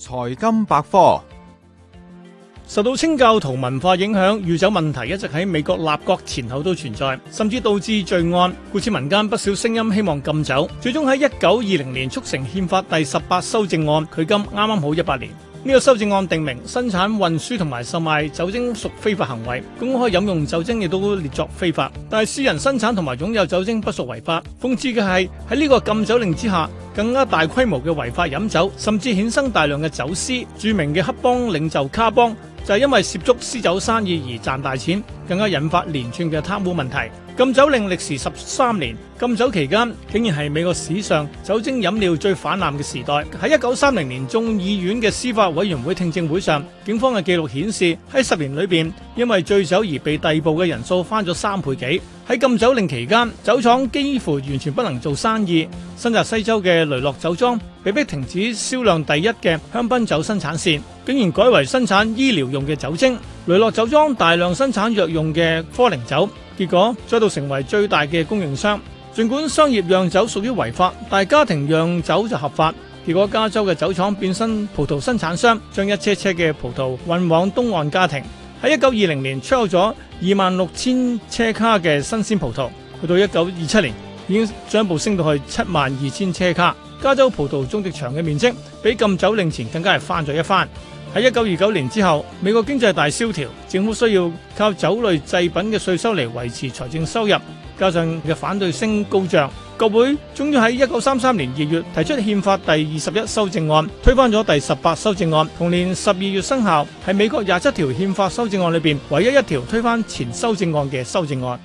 財金百科，受到清教徒文化影響，酗酒問題一直喺美國立國前後都存在，甚至導致罪案。故此，民間不少聲音希望禁酒，最終喺一九二零年促成憲法第十八修正案。距今啱啱好一百年。呢、這個修正案訂明「生產、運輸同埋售賣酒精屬非法行為，公開飲用酒精亦都列作非法，但係私人生產同埋擁有酒精不屬違法。諷刺嘅係喺呢個禁酒令之下，更加大規模嘅違法飲酒，甚至衍生大量嘅走私。著名嘅黑幫領袖卡邦就係因為涉足私酒生意而賺大錢，更加引發連串嘅貪污問題。禁酒令歷時十三年，禁酒期間竟然係美國史上酒精飲料最泛濫嘅時代。喺一九三零年眾議院嘅司法委員會聽證會上，警方嘅記錄顯示喺十年裏邊，因為醉酒而被逮捕嘅人數翻咗三倍幾。喺禁酒令期間，酒廠幾乎完全不能做生意。新澤西州嘅雷諾酒莊被迫停止銷量第一嘅香檳酒生產線，竟然改為生產醫療用嘅酒精。雷諾酒莊大量生產藥用嘅科靈酒。結果再度成為最大嘅供應商。儘管商業釀酒屬於違法，但係家庭釀酒就合法。結果加州嘅酒廠變身葡萄生產商，將一車車嘅葡萄運往東岸家庭。喺一九二零年出售咗二萬六千車卡嘅新鮮葡萄，去到一九二七年已經進一步升到去七萬二千車卡。加州葡萄種植場嘅面積比禁酒令前更加係翻咗一番。喺一九二九年之後，美國經濟大蕭條，政府需要靠酒類製品嘅稅收嚟維持財政收入，加上嘅反對聲高漲，國會終於喺一九三三年二月提出憲法第二十一修正案，推翻咗第十八修正案。同年十二月生效，係美國廿七條憲法修正案裏邊唯一一條推翻前修正案嘅修正案。